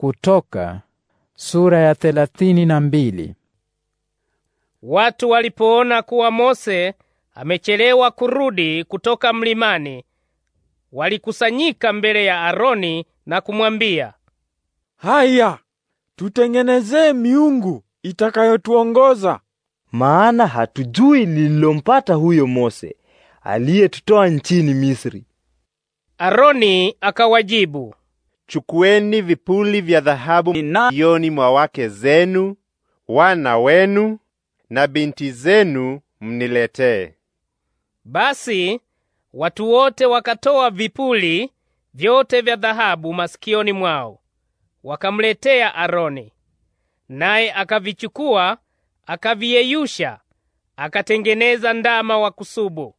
Kutoka sura ya thelathini na mbili. Watu walipoona kuwa Mose amechelewa kurudi kutoka mlimani, walikusanyika mbele ya Aroni na kumwambia, haya, tutengenezee miungu itakayotuongoza, maana hatujui lililompata huyo Mose aliyetutoa nchini Misri. Aroni akawajibu, Chukueni vipuli vya dhahabu vioni mwa wake zenu, wana wenu na binti zenu mniletee. Basi watu wote wakatoa vipuli vyote vya dhahabu masikioni mwao, wakamletea Aroni, naye akavichukua akaviyeyusha, akatengeneza ndama wa kusubu.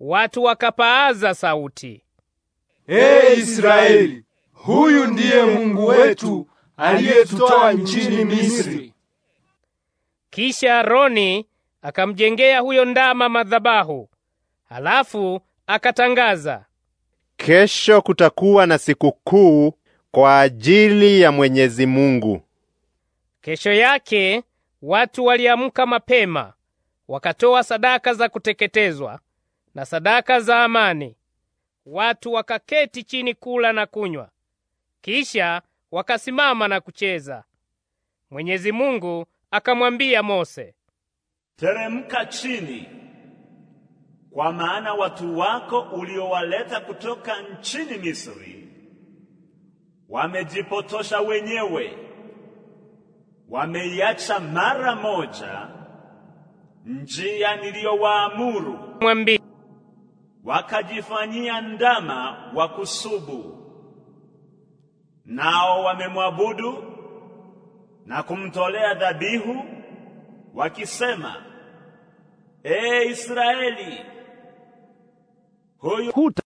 Watu wakapaaza sauti, Ee hey, Israeli, Huyu ndiye Mungu wetu aliyetutoa nchini Misri. Kisha Aroni akamjengea huyo ndama madhabahu. Halafu akatangaza, kesho kutakuwa na sikukuu kwa ajili ya Mwenyezi Mungu. Kesho yake watu waliamka mapema, wakatoa sadaka za kuteketezwa na sadaka za amani. Watu wakaketi chini kula na kunywa. Kisha wakasimama na kucheza. Mwenyezi Mungu akamwambia Mose, teremka chini, kwa maana watu wako uliowaleta kutoka nchini Misri wamejipotosha wenyewe, wameiacha mara moja njia niliyowaamuru, mwambie wakajifanyia ndama wa kusubu nao wamemwabudu na kumtolea dhabihu wakisema, E Israeli, huyu